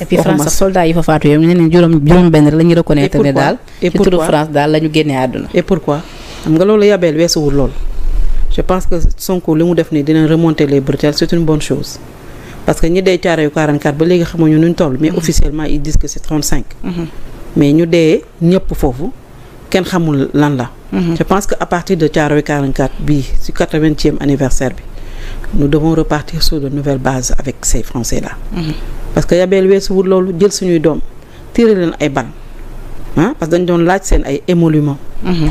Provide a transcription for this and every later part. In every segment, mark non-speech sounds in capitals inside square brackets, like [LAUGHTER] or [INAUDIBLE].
et puis France sax soldats yi fa faatu yooyu ñu ne juróom juróom-benn rek la reconnaître et pourquoi France là la ñu et pourquoi je pense que Sonko li mu def remonter les bretelles c'est une bonne chose parce que nous des caare au 44 mais mm-hmm. officiellement ils disent que c'est 35. Mm-hmm. mais ñu dee ñëpp foofu kenn xamul lan la. Mm-hmm. je pense qu'à partir de au 44 bi le 80e anniversaire nous devons repartir sur de nouvelles bases avec ces Français là. parce que yabeel weesuwul loolu jël suñuy doom téere leen ay ban ah parce que dañ doon laaj seen ay émoluments. Mhm.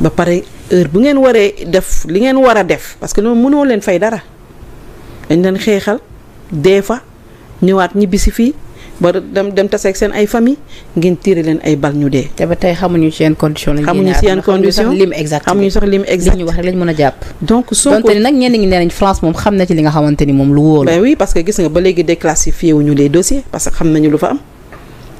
ba pare heure bu ngeen waree def li ngeen war a def parce que loolu mënoo leen fay dara dañ leen xeexal des fa ñëwaat ñibbisi fii. ba dem dem taseeg seen ay famille ngeen tiire leen ay bal ñu dee. te ba tey xamuñu ci yan condition lañ. xamuñu ci yan condition lim exact xamuñu sax lim exact wax rek lañ mën a jàpp. donc Sonko donte nag ñenn ñi nee France moom xam na ci li nga xamante ni moom lu wóolu. ben oui parce que gis nga ba léegi déclassifié wuñu les dossiers parce que xam nañu lu fa am.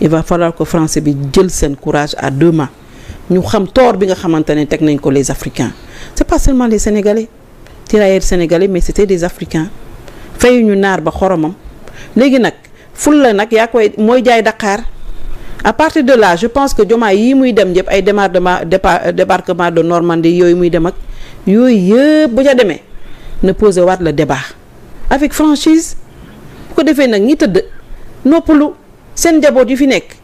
il va falloir que français bi jël seen courage à demain. mains ñu xam tort bi nga xamante ne nañ ko les africains c'est pas seulement les sénégalais tirailleurs sénégalais mais c'était des africains fayuñu naar ba xoromam léegi nag ful la nag yaa koy mooy jaay Dakar à partir de là je pense que jomaay yii muy dem yëpp ay démardement débarquement de Normandie yooyu muy dem ak yooyu yëpp bu ca demee Ne poser waat le débat avec franchise bu ko defee nag ñi tëdd noppalu seen njaboot yi fi nekk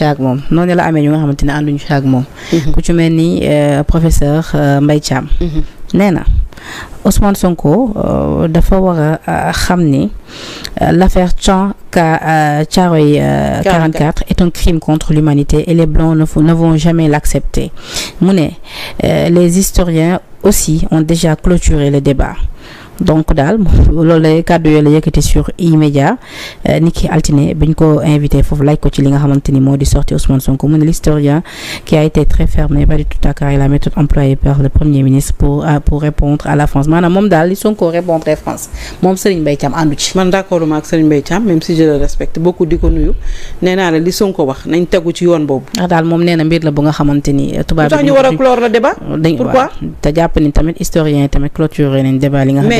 Nous ak moom noonu la amee ñu nga xamante ne ànduñu mhm. euh, professeur euh, Mbaye Cham. Mhm. Néna, Ousmane Sonko euh, dafa faut a xam l'affaire Thian 44 est un crime contre l'humanité et les blancs ne vont jamais l'accepter mu les historiens aussi ont déjà clôturé le débat donc Dal, loolu lay kàddu yooyu la sur Imedia, euh, niki Altiné, biñ ko invité foofu like ko ci li nga xamanteni modi moo sorti Ousmane Sonko mon ne l'historien qui a été très fermé, n'est pas du tout à avec la méthode employée par le premier ministre pour euh, pour répondre à la France maanaam Dal, ils sont Sonko répondre très France mom Serigne Mbaye Thiam àndu ci. man d'accord mak Serigne Mbaye Thiam même si je le respecte beaucoup di ko nuyu néna la li Sonko wax nañ tegu ci yoon boobu. ndax daal moom nee mbir la bu nga xamanteni touba euh, tubaab bi ñu war clore le débat. pourquoi ta japp ni tamit historien tamit clôturer le débat li nga.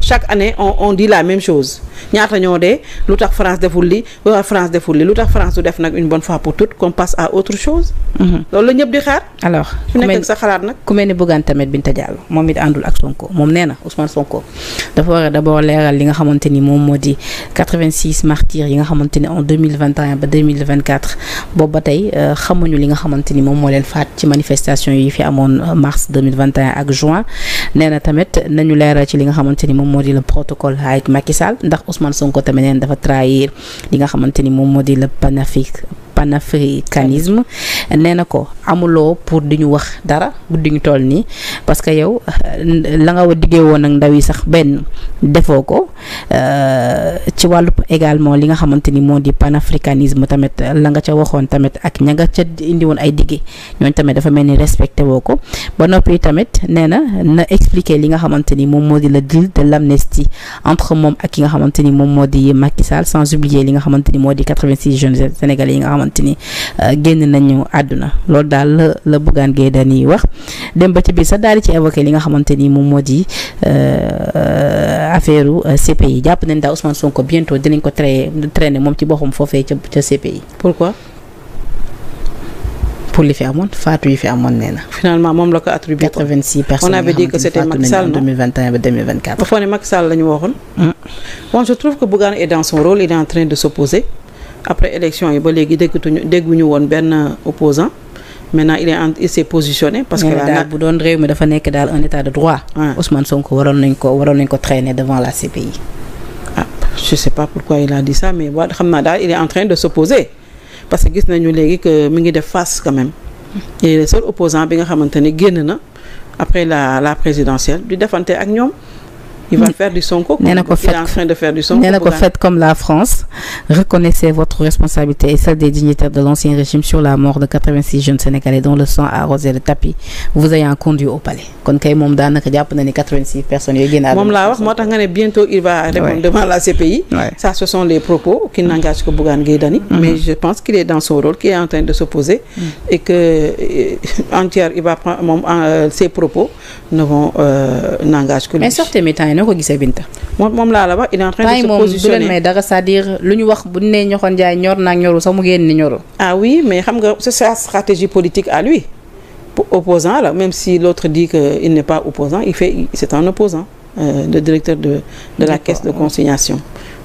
chaque année on on dit la même chose ñaata ñoo dee lu France deful li wa France deful li lutax France du def une bonne fois pour toutes qu'on passe à autre chose. Mhm. loolu la ñëpp di xaar. alors ku ak sa xalaat nak ku melni ni Bougane tamit Binta Diallo moom it ak Sonko mom néna na Ousmane Sonko dafa wara d'abord leeral li nga xamante mom modi 86 martyrs yi nga xamante en 2021 ba 2024 boobu batay tey euh, xamuñu li nga xamante mom mo moo fat ci manifestation yi fi amone euh, mars 2021 ak juin néna na tamit nañu léral ci li nga xamante moom moo di le protocole avec Macky Sall ndax Ousmane Sonko tamit neen dafa trahir li xamante ni moom moo di le panafrique panafricanisme nee na ko amuloo pour di ñu wax dara guddi ñu toll nii parce que yow euh, la nga wa diggee woon ak ndaw yi sax benn defoo ko euh, ci wàllu également li nga xamante ni moo di panafricanisme tamit la nga ca waxoon tamit ak ña nga ca indi woon ay digge ñooñ tamit dafa mel ni respecté woo ko ba noppi tamit nee na na expliquer li nga xamante ni moom moo di le deal de l'amnistie entre moom ak ki nga xamante ni moom moo di Macky Sall sans oublier li nga xamante ni moo di 86 jeunes sénégalais yi nga xamante ni euh, génn nañu àdduna loolu daal la la Bougane Gueye wax dem ba ci biir sax daal ci évoqué li nga xamanteni ni modi euh affaireu euh, CPI japp nañ da Ousmane Sonko bientôt dinañ ko traité traîner mom ci boppam fofé ci CPI. pourquoi. pour li fi amone faatu yi fi amone néna finalement mom la ko attribué. 86 personnes on avait dit que c'était Macky Sall non 2021 ba 2024. ba foo Macky Sall lañu ñu hmm. bon je trouve que Bougane est dans son rôle il est en train de s'opposer après élection yi ba léegi déggatuñu ñu won ben opposant maintenant il est il s'est positionné. parce que là vous doon réew mi dafa nek dal un état de droit. Ousmane Sonko waroon nagn ko waroon nagn ko traîner devant la CPI. Ah, je sais pas pourquoi il a dit ça mais waa xam il est en train de s'opposer parce que gis nañu légui que mi ngi def face quand même. et le seul opposant bi nga xamante genn na après la la présidentielle du defante ak ñom il va faire du son comme il est en train de faire du son faites comme la France. Reconnaissez votre responsabilité et celle des dignitaires de l'ancien régime sur la mort de 86 jeunes Sénégalais dont le sang a arrosé le tapis. Vous ayez un conduit au palais. Quand kay mom danaka japp na ni 86 personnes qui gëna. Mom la wax motax bientôt il va répondre devant la CPI. Ça ce sont les propos qui n'engagent que Bougan guédani mm-hmm. mais je pense qu'il est dans son rôle, qu'il est en train de s'opposer mm. et que euh, entière il va prendre euh, ses propos ne vont euh, n'engagent que lui. Mais sortez maintenant noo ko gisee Binta. moom la wax il est en train de se positionner moom du c'est-à-dire lu ñu wax bu ñu nee ñoxoon jaay ñor na ak ñorul sax mu génn ni ñorul. ah oui mais xam nga c'est sa stratégie politique à lui opposant là même si l'autre dit que il n'est pas opposant il fait c'est un opposant euh, le directeur de de la caisse de consignation.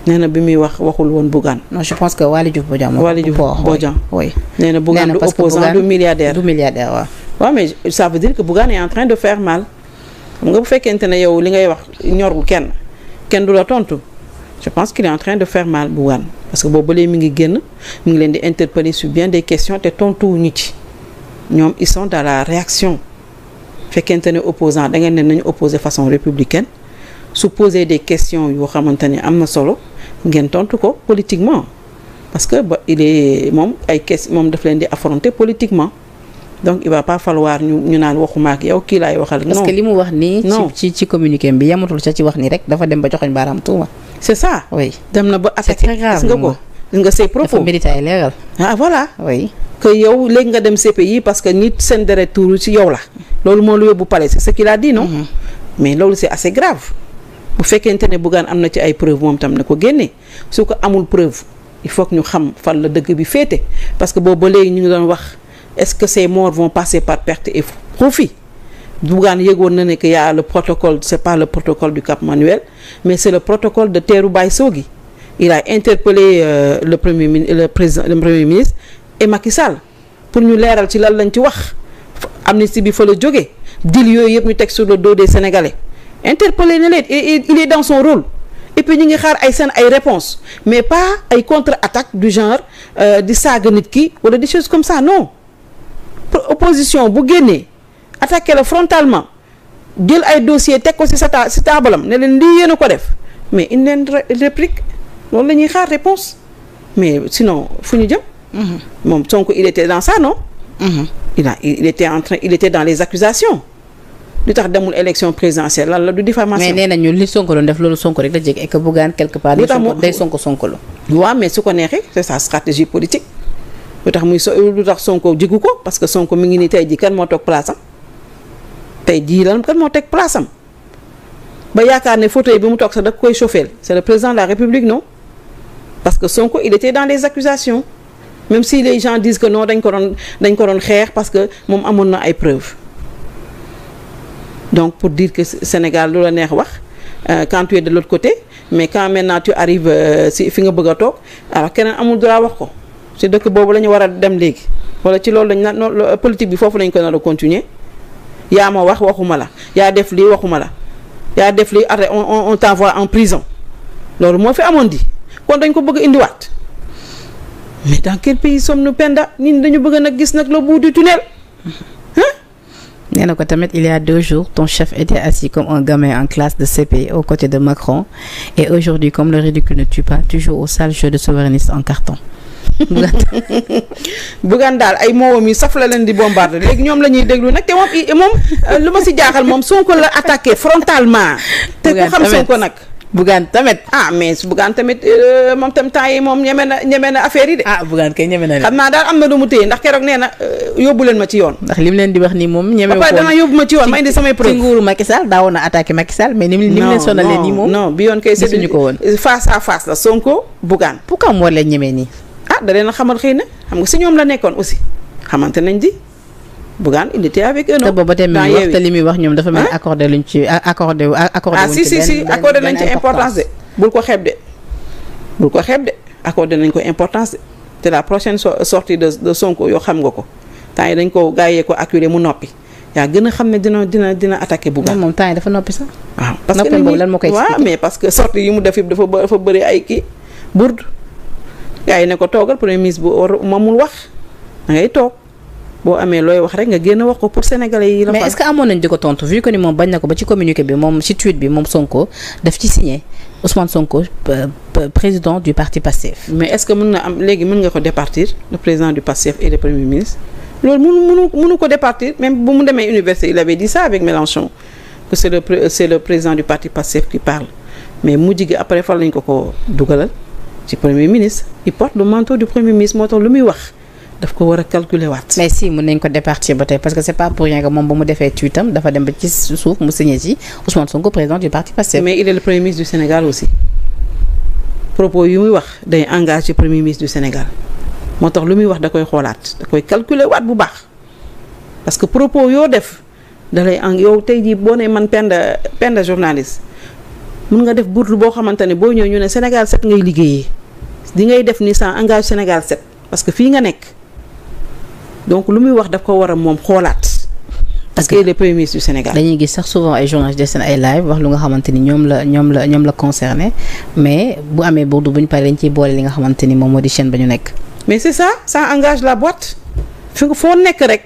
Néna na bi muy wax waxul won Bougane. non je pense que Walidou Diouf Walidou moo Waly Diouf Bodian oui nee na opposant du milliardaire. du milliardaire waaw. ouais mais ça veut dire que Bougane est en train de faire mal xam nga bu fekkente ne yow li ngay wax ñorul kenn kenn du la tontu je pense qu'il est en train de faire mal Bougane parce que boobu ba léegi mi ngi génn mi ngi leen di interpeller sur bien des questions te tontuwuñu ci ñoom ils sont dans la réaction fekkente ne opposant da ngeen ne nañu opposer façon républicaine su poser des questions yoo xamante ne am na solo ngeen tontu ko politiquement parce que ba il est moom ay question moom daf leen di affronter politiquement donc il va pas falloir ñu ñu waxuma ak yow waxal. non parce que limu wax ni ci ci communiqué bi yamatul ci wax rek dafa dem ba c'est ça. oui dem na ba gis nga ko. nga ah voilà. oui que yow légui nga dem CPI parce que nit sen tour ci yow la. c'est ce qu'il a dit non. Mhm. mais c'est assez grave. bu ne Bougane am ci ay preuve mom tam na ko su amul preuve il faut que ñu xam la bi parce que nous bo ñu est-ce que ces morts vont passer par perte et profit Dougan Yegon le protocole, c'est pas le protocole du Cap Manuel, mais c'est le protocole de Teru Sogi. Il a interpellé euh, le, premier, le, président, le Premier ministre et Macky Sall pour nous l'air ci lan lañ ci wax amnistie bi fa la jógee dil sur le dos des sénégalais interpellé il est dans son rôle et puis il ngi xaar ay réponses mais pas ay contre-attaques du genre euh, des saaga nit ki des choses comme ça non opposition bu génnee attaqué le frontalement jël ay dossier teg ko ci sa ta ci taabalam ne leen ko def mais il réplique loolu n'y a xaar réponse mais sinon fuñu ñu jëm mhm. moom Sonko il était dans ça non mhm. il a il était en train il était dans les accusations li tax demul élection présidentielle la du diffamation. mais nee nañu li Sonko doon def lolu Sonko rek la jege et que Bougane quelque part. day Sonko Sonko lo waaw mais su ko neexee c'est sa stratégie politique lu muy so Sonko jigu parce que Sonko mi ngi nii tey jii kan mo tok place am tay di lan kan mo tek place am ba yakarne photo fauteuil bi mu toog sax da koy chauffer c'est C'est le président de la République non parce que Sonko il était dans les accusations même si les gens disent que non dañ ko don dañ ko don xex parce que mon amoon na ay preuves donc pour dire que Sénégal lu la wax euh, quand tu es de l'autre côté mais quand maintenant tu arrives euh, si fi nga bëgg tok alors kenen amul droit wax ko c'est donc que la on war a dem léegi wala ci loolu lañ politique bi foofu lañ Il y a continuer yaa ma wax waxuma la yaa def lii waxuma la a def lii arrêt on on t'envoie en prison alors moo fait un kon dañ ko bëgg mais dans quel pays sommes-nous Penda Nous, dañu bëgg nag gis nag le bout du tunnel hein? il y a deux jours ton chef était assis comme un gamin en classe de CP aux côtés de Macron et aujourd'hui comme le ridicule ne tue pas toujours au sale jeu de souverainiste en carton [LAUGHS] Bougane daal ay moowam yi saf la leen di bombarder léegi ñoom la ñuy déglu nag te moom moom euh, lu ma si jaaxal moom Sonko la attaqué frontalement. te ku xam Sonko nag. Bougane tamit. ah mais Bougane tamit euh, moom tam temps yi moom ñeme na ñeme na affaire yi de. ah Bougane kay ñeme leen. xam naa na lu mu euh, leen ma di wax nii moom ñeme. papa yóbbu ma ci yoon ma indi samay preuve. ci nguuru Macky Sall daawoon na attaqué Macky Sall mais. ni bi yoon kay. gisuñu ko woon face à face la Sonko Bougane. pourquoi moo leen ñeme nii. ah da xamal xëy na xam nga si ñoom la nekkoon aussi xamante nañ di Bougane il li muy wax ñoom dafa mel accordé luñ ci accordé accordé ah si ko xeeb de bul ko xeeb de nañ ko importance de te la prochaine sortie de de Sonko yoo xam nga ko temps dañ ko gaayee ko acculé mu noppi yaa gën a xam ne dina dina dina attaqué Bougane moom temps yi dafa noppi sax waaw ah, parce que lan moo waaw mais parce que sortie yi mu def yëpp dafa dafa ay kii bourde gars ne ko toogal premier ministre bu or moomul wax ngay tok bo amé loy wax rek nga genn wax ko pour sénégalais yi. la mais est-ce que amoon nañ tontu vu que ni mom bañ na ko ba ci communiquer bi mom ci tweet bi mom Sonko daf ci signé Ousmane Sonko euh, euh, président du parti Pastef. mais est-ce que mën na am légui mën nga ko départir le président du Pastef et le premier ministre. loolu mënu mënu mënu ko départir même bu mu démé université il avait dit ça avec Mélenchon que c'est le c'est le président du parti Pastef qui parle mais mujj gi après fan lañ ko ko dugalal ci premier ministre il porte le manteau du premier ministre moo tax lu muy wax daf ko war calculer waat. mais si mun nañ ko ba tey parce que c'est pas pour rien que moom ba mu defee tuitam dafa dem ba ci suuf mu signé ci Ousmane Sonko président du parti Pastef. mais il est le premier ministre du Sénégal aussi propos yu muy wax day engagé premier ministre du Sénégal moo tax lu muy wax da koy xoolaat da koy calculer waat bu baax parce que propos yoo def da lay en yow tey jii boo nee man Penda Penda journaliste mun nga def burtu boo xamante ne boo ñu Sénégal set ngay liggéeyee di ngay def ni sans engage Sénégal 7 parce que fi nga nek donc lu muy wax daf ko wara mom moom parce que les premiers ministre du Sénégal. dañuy gis sax souvent ay journalistes des seen ay live wax lu nga xamanteni ñom la ñom la ñom la concerné mais bu amé bourdou bu paré paree dañ ciy boole li nga xamanteni mom modi chaîne bañu nek mais c'est ça ça engage la boîte fi fo nek rek.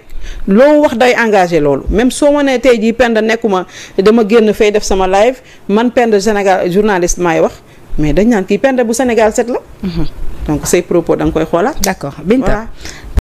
loo wax day engager loolu même so ma nee tey jii Penda nekuma dama génn fay def sama live man Penda Sénégal journaliste maay wax mais dañ naan kii pende bu Sénégal set la. Mhm. donc say propos da koy xoolaat. d'accord Binta